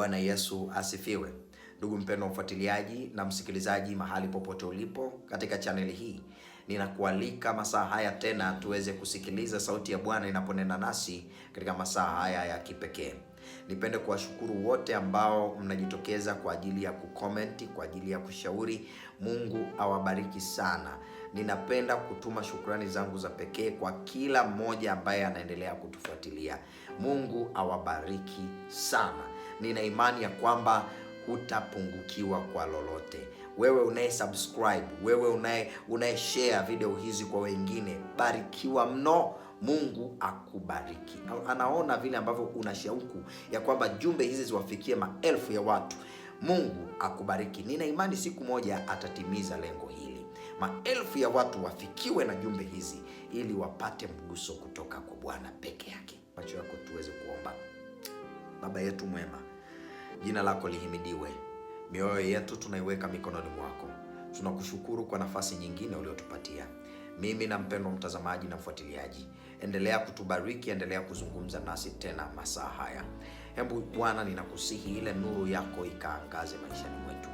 Bwana Yesu asifiwe. Ndugu mpendwa mfuatiliaji na msikilizaji, mahali popote ulipo katika chaneli hii, ninakualika masaa haya tena tuweze kusikiliza sauti ya Bwana inaponena nasi katika masaa haya ya kipekee. Nipende kuwashukuru wote ambao mnajitokeza kwa ajili ya kukomenti, kwa ajili ya kushauri. Mungu awabariki sana. Ninapenda kutuma shukrani zangu za pekee kwa kila mmoja ambaye anaendelea kutufuatilia. Mungu awabariki sana nina imani ya kwamba hutapungukiwa kwa lolote. Wewe unaye subscribe, wewe unaye unaye share video hizi kwa wengine, barikiwa mno. Mungu akubariki. Anaona vile ambavyo una shauku ya kwamba jumbe hizi ziwafikie maelfu ya watu. Mungu akubariki. Nina imani siku moja atatimiza lengo hili, maelfu ya watu wafikiwe na jumbe hizi, ili wapate mguso kutoka kwa Bwana peke yake. Macho yako tuweze kuomba. Baba yetu mwema jina lako lihimidiwe. Mioyo yetu tunaiweka mikononi mwako. Tunakushukuru kwa nafasi nyingine uliotupatia. Mimi na mpendwa mtazamaji na mfuatiliaji, endelea kutubariki, endelea kuzungumza nasi tena masaa haya. Hebu Bwana, ninakusihi ile nuru yako ikaangaze maishani mwetu,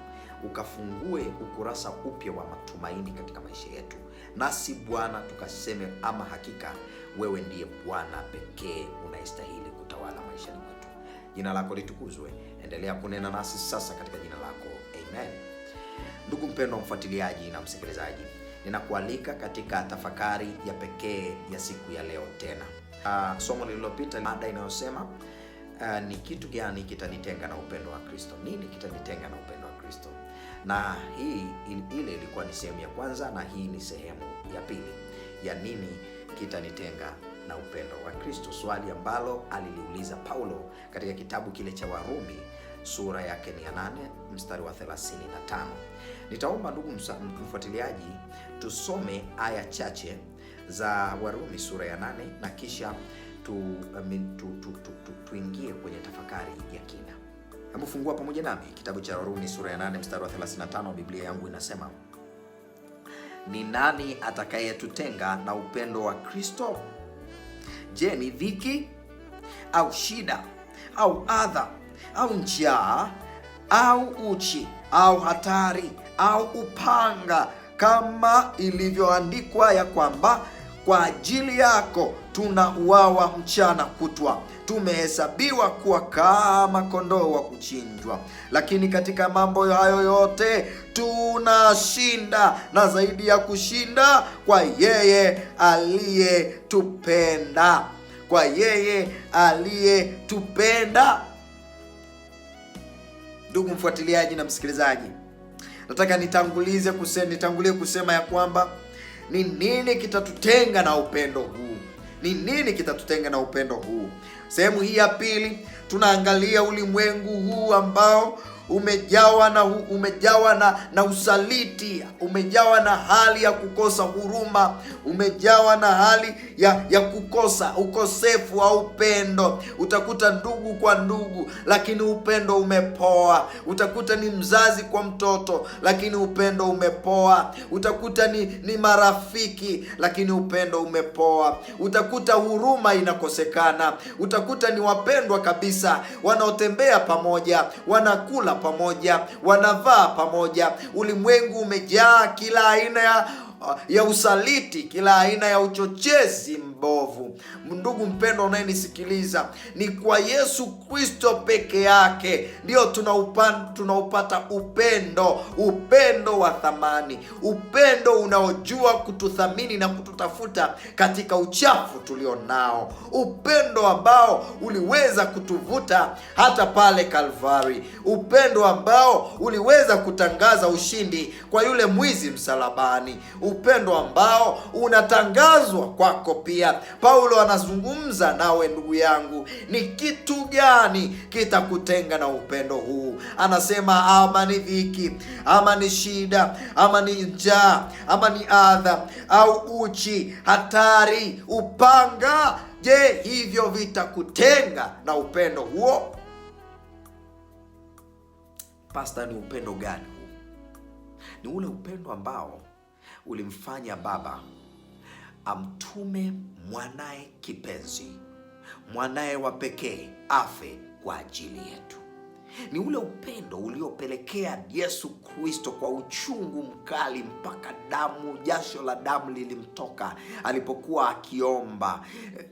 ukafungue ukurasa upya wa matumaini katika maisha yetu, nasi Bwana tukaseme ama hakika wewe ndiye Bwana pekee unayestahili kutawala maishani mwetu. Jina lako litukuzwe. Endelea kunena nasi sasa katika jina lako amen. Ndugu mpendwa mfuatiliaji na msikilizaji, ninakualika katika tafakari ya pekee ya siku ya leo tena. Uh, somo lililopita mada inayosema uh, ni kitu gani kitanitenga na upendo wa Kristo? Nini kitanitenga na upendo wa Kristo? Na hii ile ilikuwa ni sehemu ya kwanza, na hii ni sehemu ya pili ya nini kitanitenga na upendo wa Kristo, swali ambalo aliliuliza Paulo katika kitabu kile cha Warumi sura yake ni ya 8 mstari wa 35. Nitaomba ndugu mfuatiliaji, tusome aya chache za Warumi sura ya 8 na kisha tuingie tu, tu, tu, tu, tu kwenye tafakari ya kina. Hebu fungua pamoja nami kitabu cha Warumi sura ya 8 mstari wa 35. Biblia yangu inasema, ni nani atakayetutenga na upendo wa Kristo? Je, ni dhiki au shida au adha au njaa au uchi au hatari au upanga, kama ilivyoandikwa ya kwamba kwa ajili yako tunauawa mchana kutwa, tumehesabiwa kuwa kama kondoo wa kuchinjwa. Lakini katika mambo hayo yote tunashinda, na zaidi ya kushinda kwa yeye aliyetupenda, kwa yeye aliyetupenda. Ndugu mfuatiliaji na msikilizaji, nataka nitangulize kuse, nitangulie kusema ya kwamba ni nini kitatutenga na upendo huu? Ni nini kitatutenga na upendo huu? Sehemu hii ya pili tunaangalia ulimwengu huu ambao umejawa na umejawa na, na usaliti, umejawa na hali ya kukosa huruma, umejawa na hali ya, ya kukosa ukosefu wa upendo. Utakuta ndugu kwa ndugu, lakini upendo umepoa. Utakuta ni mzazi kwa mtoto, lakini upendo umepoa. Utakuta ni, ni marafiki, lakini upendo umepoa. Utakuta huruma inakosekana. Utakuta ni wapendwa kabisa wanaotembea pamoja, wanakula pamoja, wanavaa pamoja. Ulimwengu umejaa kila aina ya, ya usaliti, kila aina ya uchochezi mbovu. Ndugu mpendwa unayenisikiliza, ni kwa Yesu Kristo peke yake ndiyo tunaupata upendo, upendo wa thamani, upendo unaojua kututhamini na kututafuta katika uchafu tulio nao, upendo ambao uliweza kutuvuta hata pale Kalvari, upendo ambao uliweza kutangaza ushindi kwa yule mwizi msalabani, upendo ambao unatangazwa kwako pia Biblia. Paulo anazungumza nawe, ndugu yangu, ni kitu gani kitakutenga na upendo huu? Anasema ama ni dhiki, ama ni shida, ama ni njaa, ama ni adha au uchi, hatari, upanga. Je, hivyo vitakutenga na upendo huo? Pasta, ni upendo gani huu? Ni ule upendo ambao ulimfanya Baba amtume mwanaye kipenzi, mwanaye wa pekee afe kwa ajili yetu. Ni ule upendo uliopelekea Yesu Kristo kwa uchungu mkali mpaka damu, jasho la damu lilimtoka alipokuwa akiomba.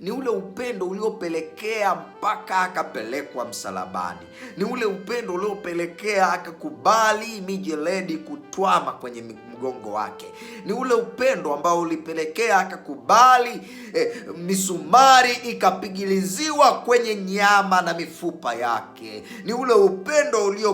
Ni ule upendo uliopelekea mpaka akapelekwa msalabani. Ni ule upendo uliopelekea akakubali mijeledi kutwama kwenye mgongo wake, ni ule upendo ambao ulipelekea akakubali eh, misumari ikapigiliziwa kwenye nyama na mifupa yake, ni ule upendo ulio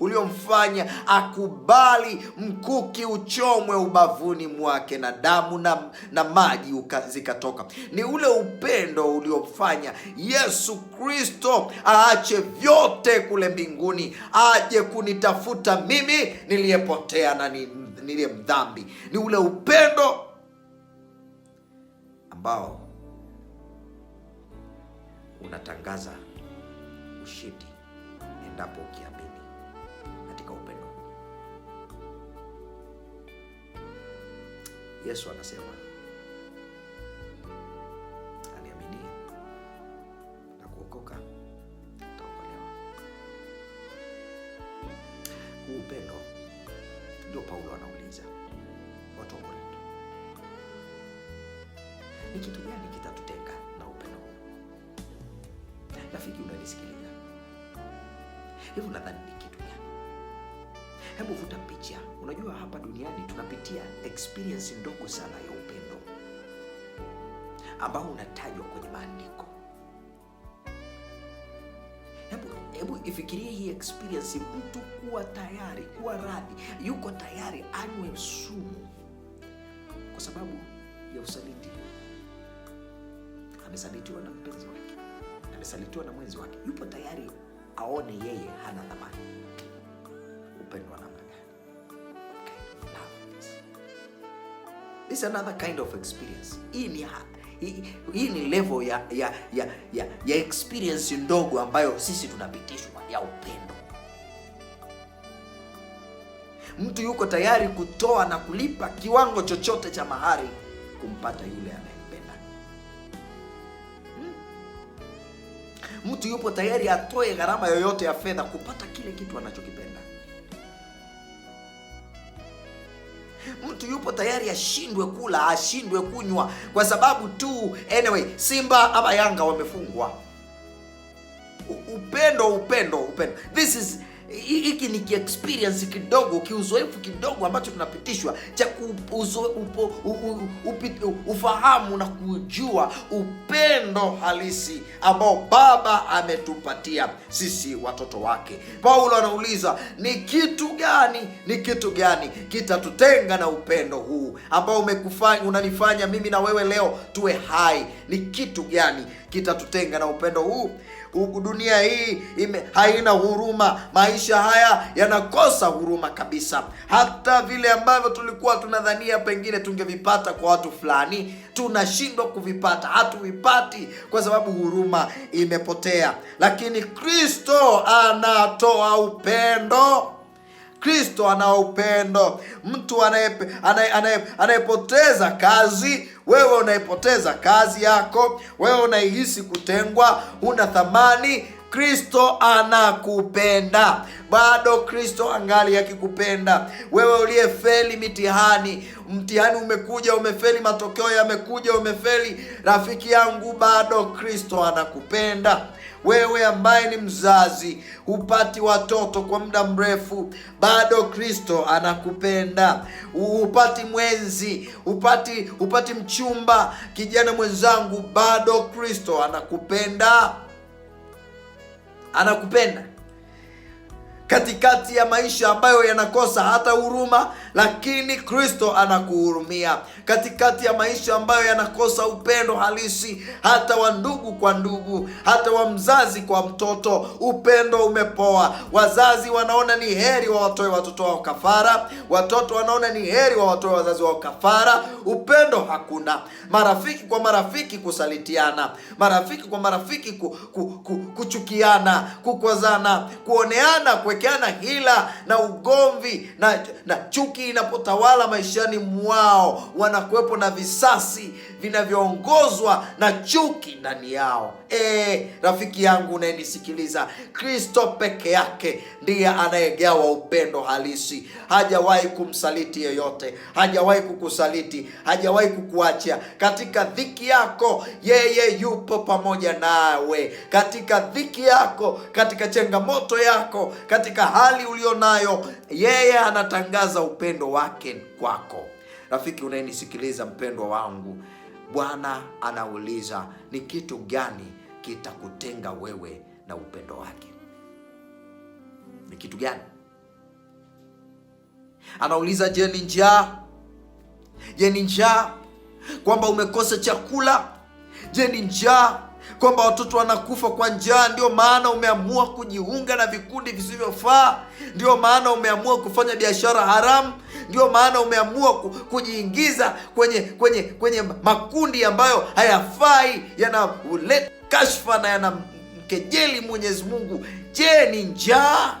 uliomfanya akubali mkuki uchomwe ubavuni mwake na damu na, na maji zikatoka, ni ule upendo uliomfanya Yesu Kristo aache vyote kule mbinguni aje kunitafuta mimi niliyepotea na nini nile mdhambi ni ule upendo ambao unatangaza ushindi endapo ukiamini katika upendo. Yesu anasema aniaminie na kuokoka Huu upendo ndio Paulo anauliza watu wa Korinto, ni kitu gani kitatutenga na upendo huu? Rafiki, unanisikiliza hivi nadhani ni kitu gani? Hebu vuta picha. Unajua, hapa duniani tunapitia experience ndogo sana ya upendo ambao unatajwa kwenye maandiko ifikirie hii experience, mtu kuwa tayari, kuwa radhi, yuko tayari anywe sumu kwa sababu ya usaliti. Amesalitiwa na mpenzi wake, amesalitiwa na mwenzi wake, yupo tayari aone yeye hana thamani. Upendo wa namna gani? This another kind of experience. Hii ni hii ni level ya ya ya ya, ya experience ndogo ambayo sisi tunapitishwa ya upendo. Mtu yuko tayari kutoa na kulipa kiwango chochote cha mahari kumpata yule anayempenda. Hmm? Mtu yupo tayari atoe gharama yoyote ya fedha kupata kile kitu anachokipenda. mtu yupo tayari ashindwe kula, ashindwe kunywa kwa sababu tu anyway Simba ama Yanga wamefungwa. Upendo, upendo, upendo. This is hiki ni kiexperience kidogo kiuzoefu kidogo ambacho tunapitishwa cha ufahamu na kujua upendo halisi ambao Baba ametupatia sisi watoto wake. Paulo anauliza ni kitu gani, ni kitu gani kitatutenga na upendo huu ambao umekufanya unanifanya mimi na wewe leo tuwe hai? Ni kitu gani? kitatutenga na upendo huu. Huku dunia hii ime, haina huruma. Maisha haya yanakosa huruma kabisa. Hata vile ambavyo tulikuwa tunadhania pengine tungevipata kwa watu fulani, tunashindwa kuvipata, hatuvipati kwa sababu huruma imepotea. Lakini Kristo anatoa upendo Kristo ana upendo. Mtu anayepoteza kazi, wewe unaipoteza kazi yako, wewe unaihisi kutengwa, una thamani Kristo anakupenda bado, Kristo angali akikupenda wewe. Uliyefeli mitihani, mtihani umekuja, umefeli, matokeo yamekuja, umefeli, rafiki yangu, bado Kristo anakupenda. Wewe ambaye ni mzazi, hupati watoto kwa muda mrefu, bado Kristo anakupenda. Hupati mwenzi, hupati hupati mchumba, kijana mwenzangu, bado Kristo anakupenda, anakupenda katikati ya maisha ambayo yanakosa hata huruma, lakini Kristo anakuhurumia katikati ya maisha ambayo yanakosa upendo halisi, hata wa ndugu kwa ndugu, hata wa mzazi kwa mtoto. Upendo umepoa. Wazazi wanaona ni heri wawatoe watoto wao kafara, watoto wanaona ni heri wawatoe wazazi wao kafara. Upendo hakuna, marafiki kwa marafiki kusalitiana, marafiki kwa marafiki ku, ku, ku, kuchukiana, kukwazana, kuoneana kwe na hila na ugomvi na, na chuki inapotawala maishani mwao, wanakuwepo na visasi vinavyoongozwa na chuki ndani yao. E, rafiki yangu unayenisikiliza, Kristo peke yake ndiye anayegawa upendo halisi. Hajawahi kumsaliti yeyote, hajawahi kukusaliti, hajawahi kukuacha. Katika dhiki yako yeye yupo pamoja nawe, katika dhiki yako, katika changamoto yako, katika katika hali ulionayo, yeye anatangaza upendo wake kwako. Rafiki unayenisikiliza, mpendwa wangu, Bwana anauliza ni kitu gani kitakutenga wewe na upendo wake? Ni kitu gani? Anauliza, je, ni njaa? Je, ni njaa kwamba umekosa chakula? Je, ni njaa kwamba watoto wanakufa kwa njaa. Ndio maana umeamua kujiunga na vikundi visivyofaa, ndio maana umeamua kufanya biashara haramu, ndio maana umeamua kujiingiza kwenye kwenye kwenye makundi ambayo hayafai, yanaleta kashfa na yanamkejeli Mwenyezi Mungu. Je, ni njaa?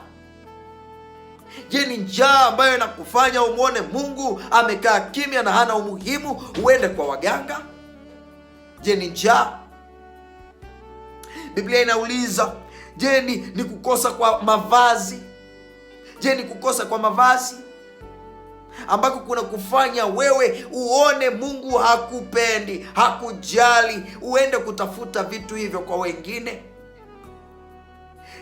Je, ni njaa ambayo inakufanya umwone Mungu amekaa kimya na hana umuhimu uende kwa waganga? Je, ni njaa Biblia inauliza, je, ni, ni kukosa kwa mavazi? Je, ni kukosa kwa mavazi ambako kuna kufanya wewe uone Mungu hakupendi, hakujali, uende kutafuta vitu hivyo kwa wengine?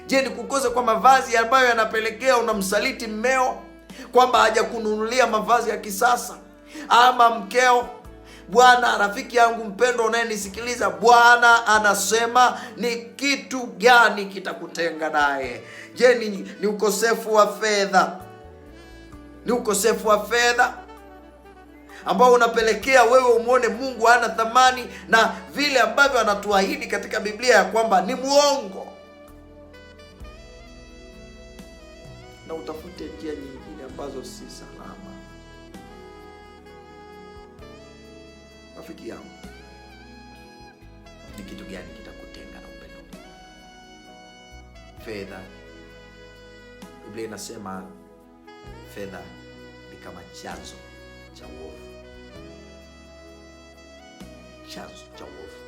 Je, ni kukosa kwa mavazi ambayo yanapelekea unamsaliti mmeo kwamba hajakununulia mavazi ya kisasa ama mkeo Bwana, rafiki yangu mpendwa unayenisikiliza, Bwana anasema ni kitu gani kitakutenga naye? Je, ni, ni ukosefu wa fedha? Ni ukosefu wa fedha ambao unapelekea wewe umwone Mungu hana thamani na vile ambavyo anatuahidi katika Biblia ya kwamba ni mwongo, na utafute njia nyingine ambazo si sawa. rafiki yangu, ni kitu gani kitakutenga na upendo? Fedha. Biblia inasema fedha ni kama chanzo cha uovu, chanzo cha uovu,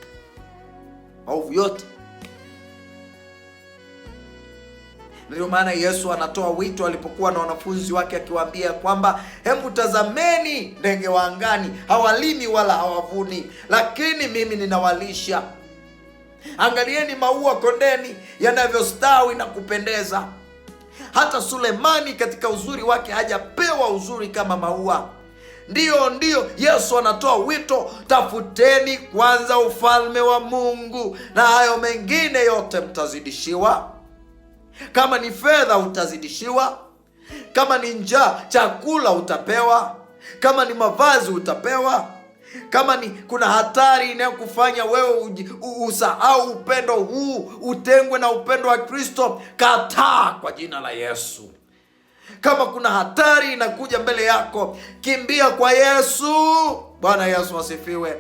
maovu yote Ndiyo maana Yesu anatoa wito alipokuwa na wanafunzi wake akiwaambia kwamba hebu tazameni ndege wa angani, hawalimi wala hawavuni, lakini mimi ninawalisha. Angalieni maua kondeni yanavyostawi na kupendeza. Hata Sulemani katika uzuri wake hajapewa uzuri kama maua. Ndiyo, ndiyo, Yesu anatoa wito, tafuteni kwanza ufalme wa Mungu na hayo mengine yote mtazidishiwa. Kama ni fedha utazidishiwa, kama ni njaa chakula utapewa, kama ni mavazi utapewa, kama ni kuna hatari inayokufanya wewe usahau upendo huu, utengwe na upendo wa Kristo, kataa kwa jina la Yesu. Kama kuna hatari inakuja mbele yako, kimbia kwa Yesu. Bwana Yesu asifiwe.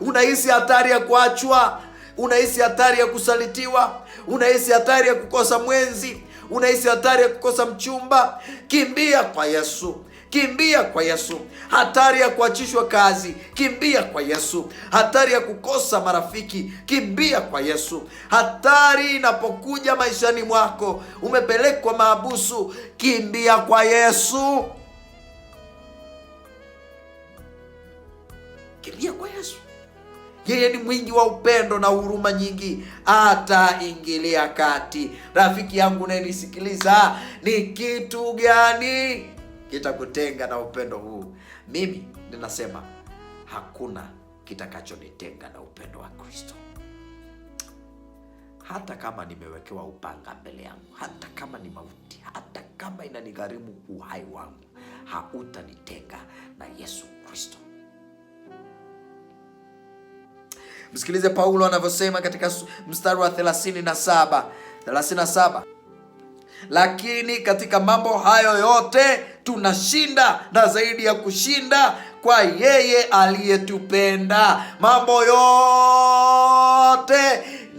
Unahisi hatari ya kuachwa, Unahisi hatari ya kusalitiwa, unahisi hatari ya kukosa mwenzi, unahisi hatari ya kukosa mchumba, kimbia kwa Yesu. Kimbia kwa Yesu. Hatari ya kuachishwa kazi, kimbia kwa Yesu. Hatari ya kukosa marafiki, kimbia kwa Yesu. Hatari inapokuja maishani mwako, umepelekwa maabusu, kimbia kwa Yesu. Kimbia kwa Yesu. Yeye ni mwingi wa upendo na huruma nyingi, ataingilia kati. Rafiki yangu unayenisikiliza, ni kitu gani kitakutenga na upendo huu? Mimi ninasema hakuna kitakachonitenga na upendo wa Kristo. Hata kama nimewekewa upanga mbele yangu, hata kama ni mauti, hata kama inanigharimu uhai wangu, hautanitenga na Yesu Kristo. Msikilize Paulo anavyosema katika mstari wa 37 37, lakini katika mambo hayo yote tunashinda na zaidi ya kushinda kwa yeye aliyetupenda. Mambo yote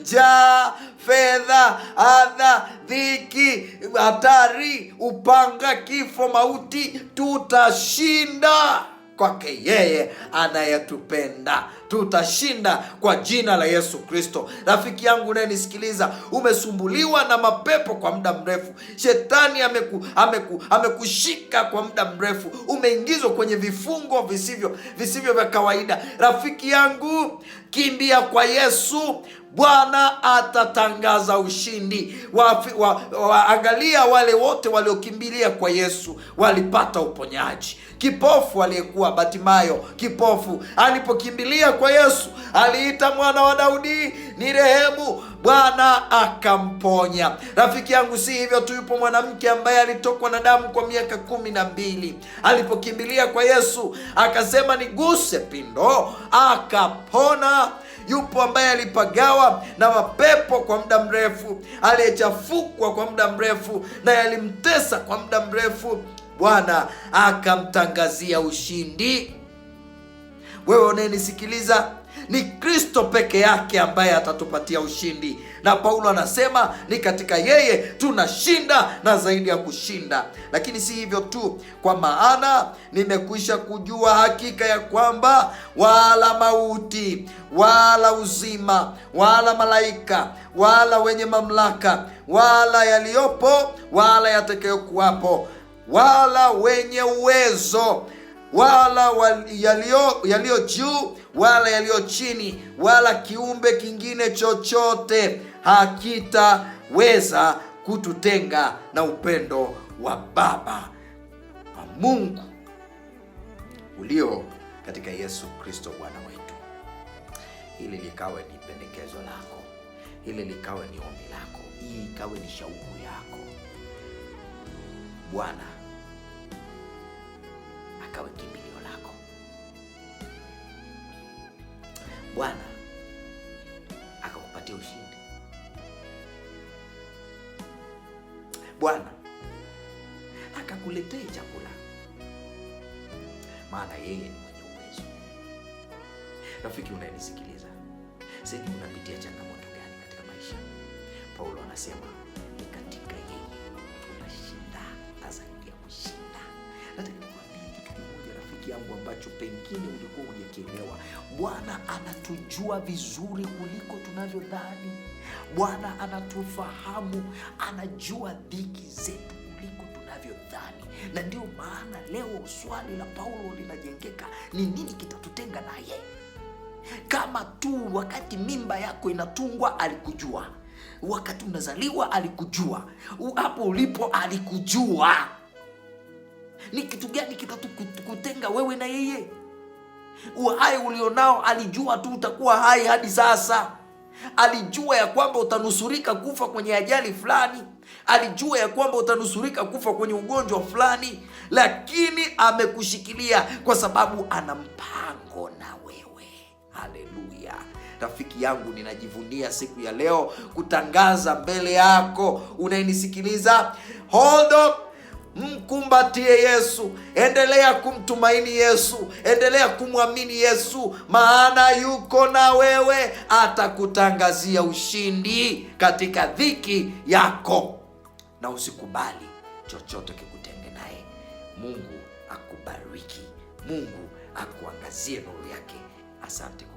njaa fedha, adha, dhiki, hatari, upanga, kifo, mauti, tutashinda kwake yeye anayetupenda. Tutashinda kwa jina la Yesu Kristo. Rafiki yangu unayenisikiliza, umesumbuliwa na mapepo kwa muda mrefu, shetani ameku, ameku, amekushika kwa muda mrefu, umeingizwa kwenye vifungo visivyo visivyo vya kawaida. Rafiki yangu, kimbia kwa Yesu. Bwana atatangaza ushindi. Waangalia wa, wa, wale wote waliokimbilia kwa Yesu walipata uponyaji kipofu aliyekuwa Batimayo kipofu. Alipokimbilia kwa Yesu, aliita mwana wa Daudi, ni rehemu Bwana akamponya. Rafiki yangu, si hivyo tu, yupo mwanamke ambaye alitokwa na damu kwa miaka kumi na mbili. Alipokimbilia kwa Yesu akasema, niguse pindo, akapona yupo ambaye alipagawa na mapepo kwa muda mrefu, aliyechafukwa kwa muda mrefu na yalimtesa kwa muda mrefu, Bwana akamtangazia ushindi. Wewe unayenisikiliza, ni Kristo peke yake ambaye atatupatia ushindi na Paulo anasema ni katika yeye tunashinda na zaidi ya kushinda. Lakini si hivyo tu, kwa maana nimekwisha kujua hakika ya kwamba wala mauti wala uzima wala malaika wala wenye mamlaka wala yaliyopo wala yatakayokuwapo wala wenye uwezo wala yaliyo yaliyo juu wala yaliyo chini wala kiumbe kingine chochote hakitaweza kututenga na upendo wa Baba wa Mungu ulio katika Yesu Kristo Bwana wetu. Hili likawe ni pendekezo lako, hili likawe ni ombi lako, hii ikawe ni shauku yako. Bwana akawe kimbilio lako. Bwana akakupatia ushindi. Bwana akakuletea chakula, maana yeye ni mwenye uwezo. Rafiki unayenisikiliza, sijui unapitia changamoto gani katika maisha. Paulo anasema ni katika yeye tunashinda na zaidi ya kushinda. Nataka kitu kimoja rafiki yangu ambacho pengine ulikuwa hujakielewa. Bwana anatujua vizuri kuliko tunavyodhani. Bwana anatufahamu, anajua dhiki zetu kuliko tunavyodhani, na ndio maana leo swali la Paulo linajengeka, ni nini kitatutenga naye? Kama tu wakati mimba yako inatungwa alikujua, wakati unazaliwa alikujua, hapo ulipo alikujua. Ni kitu gani kitatukutenga wewe na yeye? Uhai ulionao alijua tu utakuwa hai hadi sasa Alijua ya kwamba utanusurika kufa kwenye ajali fulani, alijua ya kwamba utanusurika kufa kwenye ugonjwa fulani, lakini amekushikilia kwa sababu ana mpango na wewe. Haleluya! Rafiki yangu, ninajivunia siku ya leo kutangaza mbele yako unayenisikiliza, hold up Mkumbatie Yesu, endelea kumtumaini Yesu, endelea kumwamini Yesu, maana yuko na wewe, atakutangazia ushindi katika dhiki yako, na usikubali chochote kikutenge naye. Mungu akubariki, Mungu akuangazie nuru yake. Asante.